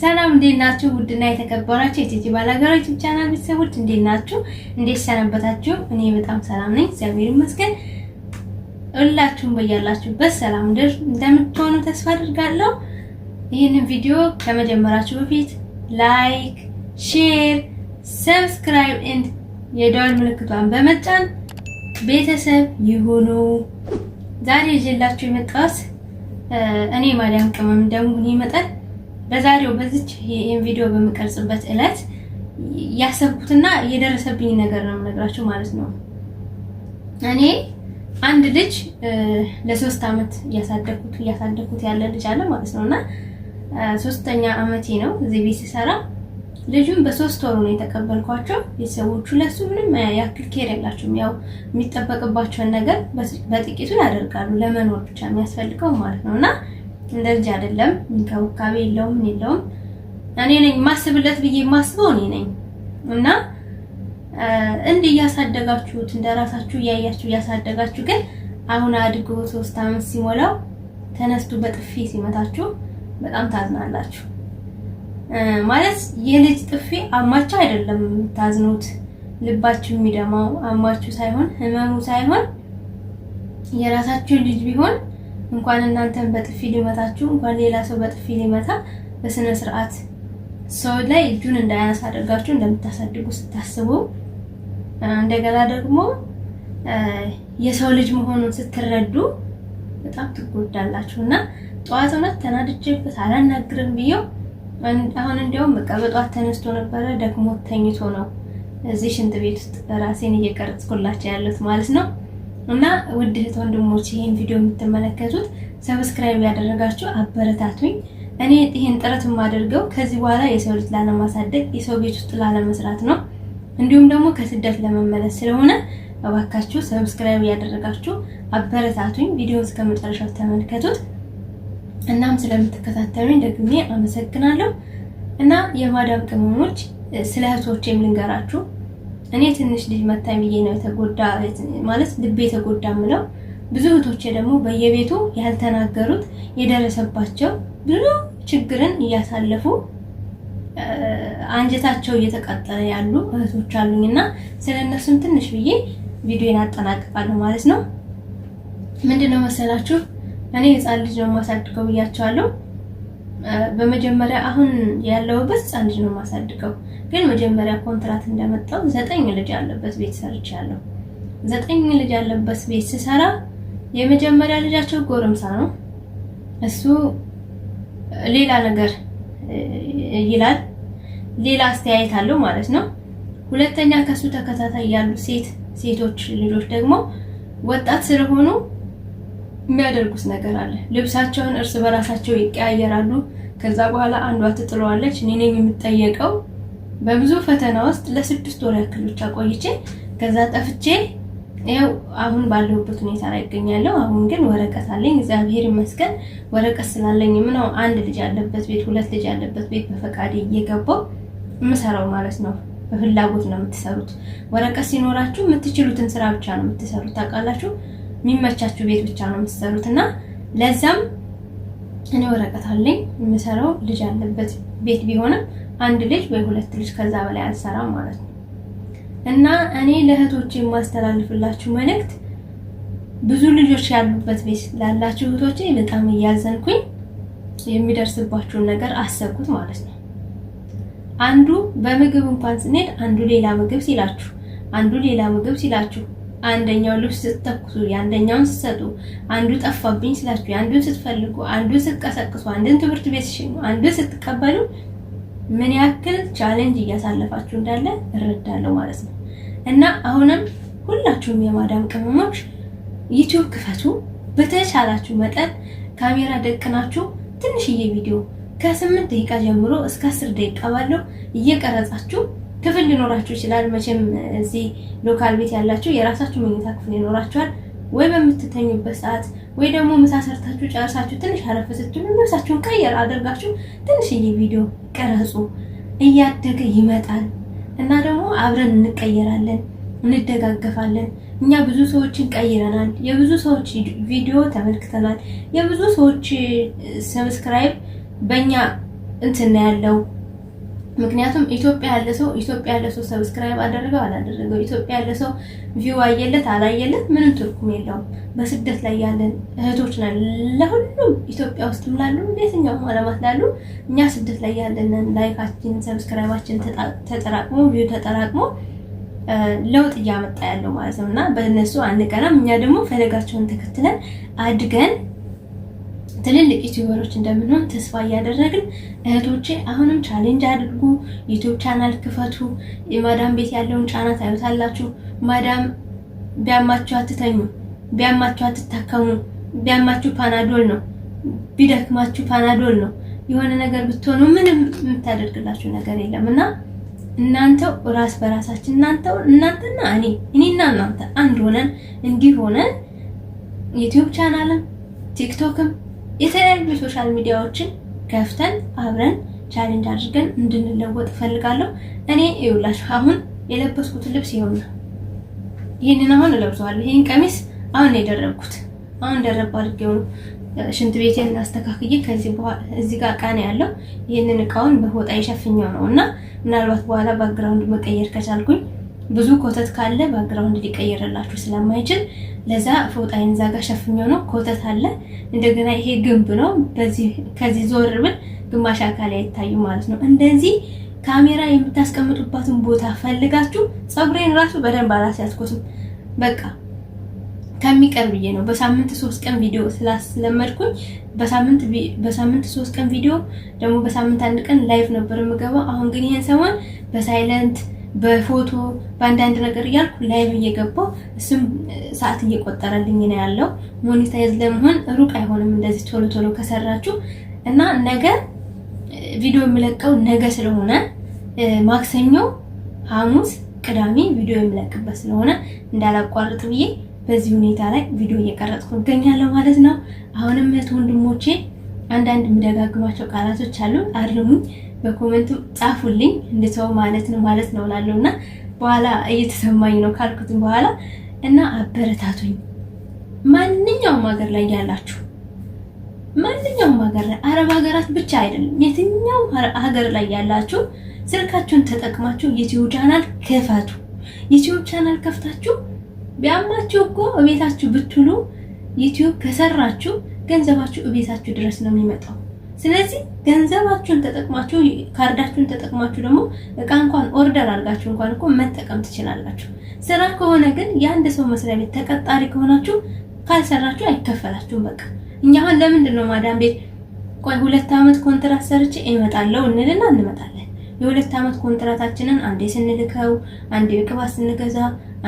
ሰላም እንዴት ናችሁ? ውድና የተከበራችሁ የቲጂ ባላገሩ ዩቲዩብ ቻናል ቤተሰቦች እንዴት ናችሁ? እንዴት ሰነበታችሁ? እኔ በጣም ሰላም ነኝ፣ እግዚአብሔር ይመስገን። ሁላችሁም በያላችሁበት ሰላም ድር እንደምትሆኑ ተስፋ አድርጋለሁ። ይህንን ቪዲዮ ከመጀመራችሁ በፊት ላይክ፣ ሼር፣ ሰብስክራይብ ኤንድ የደወል ምልክቷን በመጫን ቤተሰብ ይሁኑ። ዛሬ ይዤላችሁ የመጣሁት እኔ ማርያም ቅመም እንደመሆኔ ይመጣል በዛሬው በዚች ይህን ቪዲዮ በምቀርጽበት እለት ያሰብኩትና የደረሰብኝ ነገር ነው የምነግራችሁ ማለት ነው። እኔ አንድ ልጅ ለሶስት አመት እያሳደግኩት እያሳደግኩት ያለ ልጅ አለ ማለት ነው እና ሶስተኛ አመቴ ነው እዚህ ቤት ሲሰራ ልጁን በሶስት ወሩ ነው የተቀበልኳቸው ቤተሰቦቹ ለሱ ምንም ያክል ኬር የላቸውም። ያው የሚጠበቅባቸውን ነገር በጥቂቱን ያደርጋሉ። ለመኖር ብቻ የሚያስፈልገው ማለት ነው እና እንደዚህ አይደለም። እንክብካቤ የለውም የለውም። እኔ ነኝ ማስብለት ብዬ ማስበው እኔ ነኝ እና እንደ እያሳደጋችሁት እንደራሳችሁ እያያችሁ እያሳደጋችሁ ግን አሁን አድጎ ሶስት አመት ሲሞላው ተነስቶ በጥፊ ሲመታችሁ በጣም ታዝናላችሁ። ማለት የልጅ ጥፊ አማችሁ አይደለም ታዝኑት፣ ልባችሁ የሚደማው አማችሁ ሳይሆን ህመሙ ሳይሆን የራሳችሁ ልጅ ቢሆን እንኳን እናንተን በጥፊ ሊመታችሁ እንኳን ሌላ ሰው በጥፊ ሊመታ በስነ ስርዓት ሰው ላይ እጁን እንዳያነሳ አድርጋችሁ እንደምታሳድጉ ስታስቡ፣ እንደገና ደግሞ የሰው ልጅ መሆኑን ስትረዱ በጣም ትጎዳላችሁ። እና ጠዋት እውነት ተናድጄበት አላናግርም ብየው አሁን እንዲያውም በቃ በጠዋት ተነስቶ ነበረ ደግሞ ተኝቶ ነው እዚህ ሽንት ቤት ውስጥ ራሴን እየቀረጽኩላቸው ያሉት ማለት ነው። እና ውድ እህት ወንድሞች ይህን ቪዲዮ የምትመለከቱት ሰብስክራይብ ያደረጋችሁ አበረታቱኝ። እኔ ይህን ጥረት የማደርገው ከዚህ በኋላ የሰው ልጅ ላለማሳደግ የሰው ቤት ውስጥ ላለመስራት ነው፣ እንዲሁም ደግሞ ከስደት ለመመለስ ስለሆነ እባካችሁ ሰብስክራይብ ያደረጋችሁ አበረታቱኝ። ቪዲዮውን እስከ መጨረሻው ተመልከቱት። እናም ስለምትከታተሉኝ ደግሜ አመሰግናለሁ። እና የማዳም ቅመሞች ስለ እህቶቼም ልንገራችሁ እኔ ትንሽ ልጅ መታኝ ብዬ ነው የተጎዳ ማለት ልቤ የተጎዳ ምለው። ብዙ እህቶቼ ደግሞ በየቤቱ ያልተናገሩት የደረሰባቸው ብዙ ችግርን እያሳለፉ አንጀታቸው እየተቃጠለ ያሉ እህቶች አሉኝ እና ስለ እነሱም ትንሽ ብዬ ቪዲዮን አጠናቅቃለሁ ማለት ነው። ምንድነው ነው መሰላችሁ እኔ ህፃን ልጅ ነው የማሳድገው ብያቸዋለሁ። በመጀመሪያ አሁን ያለውበት ህፃን ልጅ ነው የማሳድገው። ግን መጀመሪያ ኮንትራት እንደመጣው ዘጠኝ ልጅ ያለበት ቤት ሰርቻለሁ። ዘጠኝ ልጅ ያለበት ቤት ስሰራ የመጀመሪያ ልጃቸው ጎረምሳ ነው። እሱ ሌላ ነገር ይላል፣ ሌላ አስተያየት አለው ማለት ነው። ሁለተኛ ከሱ ተከታታይ ያሉ ሴት ሴቶች ልጆች ደግሞ ወጣት ስለሆኑ የሚያደርጉት ነገር አለ። ልብሳቸውን እርስ በራሳቸው ይቀያየራሉ። ከዛ በኋላ አንዷ ትጥለዋለች። እኔ ነኝ የምጠየቀው። በብዙ ፈተና ውስጥ ለስድስት ወር ያክል ብቻ ቆይቼ ከዛ ጠፍቼ ያው አሁን ባለሁበት ሁኔታ ላይ ይገኛለሁ። አሁን ግን ወረቀት አለኝ እግዚአብሔር ይመስገን። ወረቀት ስላለኝ ምነው አንድ ልጅ ያለበት ቤት፣ ሁለት ልጅ ያለበት ቤት በፈቃዴ እየገባው የምሰራው ማለት ነው። በፍላጎት ነው የምትሰሩት። ወረቀት ሲኖራችሁ የምትችሉትን ስራ ብቻ ነው የምትሰሩት። ታውቃላችሁ የሚመቻችሁ ቤት ብቻ ነው የምትሰሩት እና ለዛም እኔ ወረቀት አለኝ የምሰራው ልጅ ያለበት ቤት ቢሆንም አንድ ልጅ ወይ ሁለት ልጅ ከዛ በላይ አልሰራም ማለት ነው። እና እኔ ለእህቶች የማስተላልፍላችሁ መልእክት ብዙ ልጆች ያሉበት ቤት ላላችሁ እህቶቼ በጣም እያዘንኩኝ የሚደርስባችሁን ነገር አሰብኩት ማለት ነው። አንዱ በምግብ እንኳን ስንሄድ አንዱ ሌላ ምግብ ሲላችሁ፣ አንዱ ሌላ ምግብ ሲላችሁ አንደኛው ልብስ ስትተኩሱ የአንደኛውን ስትሰጡ፣ አንዱ ጠፋብኝ ስላችሁ አንዱ ስትፈልጉ፣ አንዱን ስትቀሰቅሱ፣ አንድን ትምህርት ቤት ሲሽኑ፣ አንዱን ስትቀበሉ ምን ያክል ቻሌንጅ እያሳለፋችሁ እንዳለ እረዳለሁ ማለት ነው። እና አሁንም ሁላችሁም የማዳም ቅመሞች ዩቲዩብ ክፈቱ። በተቻላችሁ መጠን ካሜራ ደቅናችሁ ትንሽዬ ቪዲዮ ከስምንት ደቂቃ ጀምሮ እስከ አስር ደቂቃ ባለው እየቀረጻችሁ ክፍል ሊኖራችሁ ይችላል። መቼም እዚህ ሎካል ቤት ያላችሁ የራሳችሁ መኝታ ክፍል ይኖራችኋል። ወይ በምትተኙበት ሰዓት ወይ ደግሞ ምሳ ሰርታችሁ ጨርሳችሁ ትንሽ አረፍ ስትሉ ልብሳችሁን ቀየር አድርጋችሁ ትንሽዬ ቪዲዮ ቀረጹ። እያደገ ይመጣል እና ደግሞ አብረን እንቀየራለን፣ እንደጋገፋለን። እኛ ብዙ ሰዎችን ቀይረናል። የብዙ ሰዎች ቪዲዮ ተመልክተናል። የብዙ ሰዎች ሰብስክራይብ በእኛ እንትን ያለው ምክንያቱም ኢትዮጵያ ያለ ሰው ኢትዮጵያ ያለ ሰው ሰብስክራይብ አደረገው አላደረገው፣ ኢትዮጵያ ያለ ሰው ቪው አየለት አላየለት ምንም ትርጉም የለውም። በስደት ላይ ያለን እህቶች ነን። ለሁሉም ኢትዮጵያ ውስጥ ምላሉ የትኛውም ዓለማት ላሉ እኛ ስደት ላይ ያለንን ላይካችን፣ ሰብስክራይባችን ተጠራቅሞ ቪው ተጠራቅሞ ለውጥ እያመጣ ያለው ማለት ነው እና በእነሱ አንቀናም። እኛ ደግሞ ፈለጋቸውን ተከትለን አድገን ትልልቅ ዩቲዩበሮች እንደምንሆን ተስፋ እያደረግን እህቶቼ አሁንም ቻሌንጅ አድርጉ፣ ዩቱብ ቻናል ክፈቱ። የማዳም ቤት ያለውን ጫና ታዩታላችሁ። ማዳም ቢያማችሁ አትተኙ፣ ቢያማችሁ አትታከሙ። ቢያማችሁ ፓናዶል ነው፣ ቢደክማችሁ ፓናዶል ነው። የሆነ ነገር ብትሆኑ ምንም የምታደርግላችሁ ነገር የለም እና እናንተው ራስ በራሳችን እናንተው እናንተና እኔ እኔና እናንተ አንድ ሆነን እንዲህ ሆነን ዩቲዩብ ቻናልም ቲክቶክም የተለያዩ ሶሻል ሚዲያዎችን ከፍተን አብረን ቻሌንጅ አድርገን እንድንለወጥ እፈልጋለሁ። እኔ ይውላችሁ አሁን የለበስኩት ልብስ ይሆን ነው። ይህንን አሁን እለብሰዋለሁ። ይህን ቀሚስ አሁን የደረብኩት አሁን ደረብ አድርጌው ሽንት ቤቴን እናስተካክዬ ከዚህ በኋላ እዚህ ጋር እቃ ነው ያለው። ይህንን እቃውን በፎጣ የሸፍኛው ነው እና ምናልባት በኋላ ባክግራውንድ መቀየር ከቻልኩኝ ብዙ ኮተት ካለ ባክግራውንድ ሊቀየርላችሁ ስለማይችል ለዛ ፎጣዬን እዛ ጋር ሸፍኜው ነው። ኮተት አለ እንደገና ይሄ ግንብ ነው። ከዚህ ዞር ብል ግማሽ አካል አይታዩ ማለት ነው። እንደዚህ ካሜራ የምታስቀምጡባትን ቦታ ፈልጋችሁ ፀጉሬን ራሱ በደንብ አላስያዝኩትም። በቃ ከሚቀር ብዬ ነው። በሳምንት ሶስት ቀን ቪዲዮ ስላስለመድኩኝ በሳምንት ሶስት ቀን ቪዲዮ ደግሞ በሳምንት አንድ ቀን ላይቭ ነበር የምገባው። አሁን ግን ይሄን ሰሞን በሳይለንት በፎቶ በአንዳንድ ነገር እያልኩ ላይቭ እየገባው እሱም ሰዓት እየቆጠረልኝ ነው ያለው። ሞኔታይዝ ለመሆን ሩቅ አይሆንም እንደዚህ ቶሎ ቶሎ ከሰራችሁ እና ነገ ቪዲዮ የምለቀው ነገ ስለሆነ ማክሰኞ፣ ሐሙስ፣ ቅዳሜ ቪዲዮ የምለቅበት ስለሆነ እንዳላቋርጥ ብዬ በዚህ ሁኔታ ላይ ቪዲዮ እየቀረጽኩ እገኛለሁ ማለት ነው። አሁንም እህት ወንድሞቼ አንዳንድ የምደጋግማቸው ቃላቶች አሉ፣ አርሙኝ በኮመንቱ ጻፉልኝ እንድተው ማለት ነው ማለት ነው ላለው እና በኋላ እየተሰማኝ ነው ካልኩትም በኋላ እና አበረታቱኝ። ማንኛውም ሀገር ላይ ያላችሁ ማንኛውም ሀገር ላይ አረብ ሀገራት ብቻ አይደለም፣ የትኛው ሀገር ላይ ያላችሁ ስልካችሁን ተጠቅማችሁ ዩቲዩብ ቻናል ክፈቱ። ዩቲዩብ ቻናል ከፍታችሁ ቢያማችሁ እኮ እቤታችሁ ብትሉ ዩቲዩብ ከሰራችሁ ገንዘባችሁ እቤታችሁ ድረስ ነው የሚመጣው። ስለዚህ ገንዘባችሁን ተጠቅማችሁ ካርዳችሁን ተጠቅማችሁ ደግሞ እቃ እንኳን ኦርደር አድርጋችሁ እንኳን እኮ መጠቀም ትችላላችሁ። ስራ ከሆነ ግን የአንድ ሰው መስሪያ ቤት ተቀጣሪ ከሆናችሁ ካልሰራችሁ አይከፈላችሁም። በቃ እኛ አሁን ለምንድን ነው ማዳም ቤት ቆይ ሁለት ዓመት ኮንትራት ሰርቼ እመጣለሁ እንልና እንመጣለን። የሁለት ዓመት ኮንትራታችንን አንዴ ስንልከው፣ አንዴ ቅባት ስንገዛ፣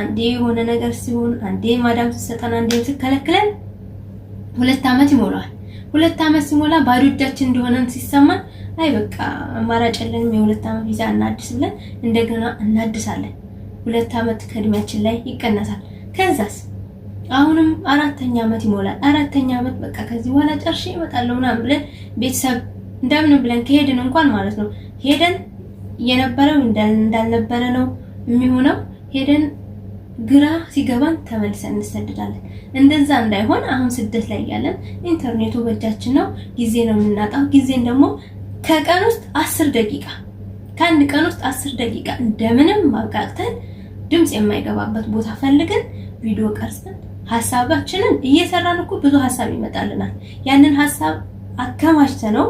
አንዴ የሆነ ነገር ሲሆን፣ አንዴ ማዳም ስትሰጠን፣ አንዴ ስትከለክለን ሁለት ዓመት ይሞላዋል። ሁለት ዓመት ሲሞላ ባዶ እጃችን እንደሆነን ሲሰማን አይ በቃ አማራጭ የለንም፣ የሁለት ዓመት ቪዛ እናድስ ብለን እንደገና እናድሳለን። ሁለት ዓመት ከእድሜያችን ላይ ይቀነሳል። ከዛስ አሁንም አራተኛ ዓመት ይሞላል። አራተኛ ዓመት በቃ ከዚህ በኋላ ጨርሼ እመጣለሁ ምናምን ብለን ቤተሰብ እንደምን ብለን ከሄድን እንኳን ማለት ነው ሄደን የነበረው እንዳልነበረ ነው የሚሆነው ሄደን ግራ ሲገባን ተመልሰን እንሰደዳለን። እንደዛ እንዳይሆን አሁን ስደት ላይ ያለን ኢንተርኔቱ በእጃችን ነው። ጊዜ ነው የምናጣው። ጊዜን ደግሞ ከቀን ውስጥ አስር ደቂቃ ከአንድ ቀን ውስጥ አስር ደቂቃ እንደምንም ማብቃቅተን ድምፅ የማይገባበት ቦታ ፈልገን ቪዲዮ ቀርጸን ሀሳባችንን እየሰራን እኮ ብዙ ሀሳብ ይመጣልናል። ያንን ሀሳብ አከማችተ ነው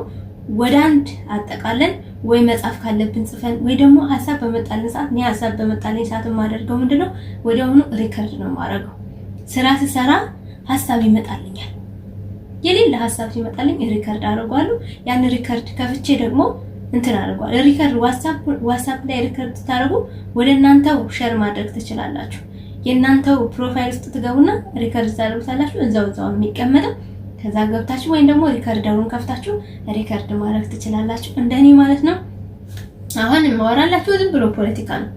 ወደ አንድ አጠቃለን ወይ መጻፍ ካለብን ጽፈን ወይ ደግሞ ሀሳብ በመጣልን ሰዓት እኔ ሀሳብ በመጣልኝ ሰዓት የማደርገው ምንድነው ወዲያውኑ ሪከርድ ነው የማደርገው። ስራ ስሰራ ሀሳብ ይመጣልኛል። የሌለ ሀሳብ ሲመጣልኝ ሪከርድ አደርጓለሁ። ያን ሪከርድ ከፍቼ ደግሞ እንትን አድርጓል ሪከርድ ዋትሳፕ ላይ ሪከርድ ስታደርጉ ወደ እናንተው ሸር ማድረግ ትችላላችሁ። የእናንተው ፕሮፋይል ውስጥ ትገቡና ሪከርድ ታደርጉታላችሁ። እዛው እዛው የሚቀመጠው። ከዛ ገብታችሁ ወይም ደግሞ ሪከርደሩን ከፍታችሁ ሪከርድ ማድረግ ትችላላችሁ። እንደኔ ማለት ነው። አሁን የማወራላችሁ ዝም ብሎ ፖለቲካ ነው።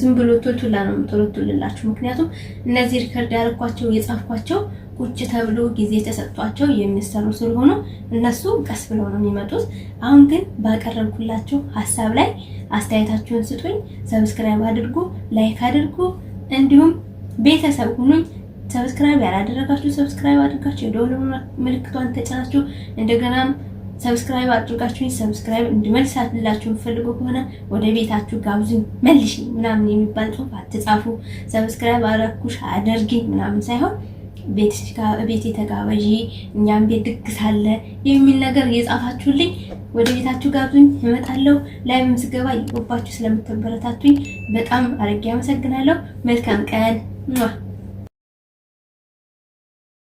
ዝም ብሎ ቱልቱላ ነው የምትወለቱልላችሁ። ምክንያቱም እነዚህ ሪከርድ ያደረኳቸው የጻፍኳቸው ቁጭ ተብሎ ጊዜ ተሰጥቷቸው የሚሰሩ ስለሆኑ እነሱ ቀስ ብለው ነው የሚመጡት። አሁን ግን ባቀረብኩላችሁ ሀሳብ ላይ አስተያየታችሁን ስጡኝ። ሰብስክራይብ አድርጉ፣ ላይክ አድርጉ፣ እንዲሁም ቤተሰብ ሁኑኝ። ሰብስክራይብ ያላደረጋችሁ ሰብስክራይብ አድርጋችሁ የደወል ምልክቷን ተጫናችሁ እንደገናም ሰብስክራይብ አድርጋችሁ ሰብስክራይብ እንድመልስ አድላችሁ ከሆነ ወደ ቤታችሁ ጋብዙኝ መልሽ ምናምን የሚባል ጽሁፍ አትጻፉ። ሰብስክራይብ አረኩሽ አደርጊ ምናምን ሳይሆን ቤት የተጋበዥ እኛም ቤት ድግስ አለ የሚል ነገር እየጻፋችሁልኝ ወደ ቤታችሁ ጋብዙኝ እመጣለሁ። ላይ ምስገባ ይቆባችሁ ስለምትበረታቱኝ በጣም አረጌ አመሰግናለሁ። መልካም ቀን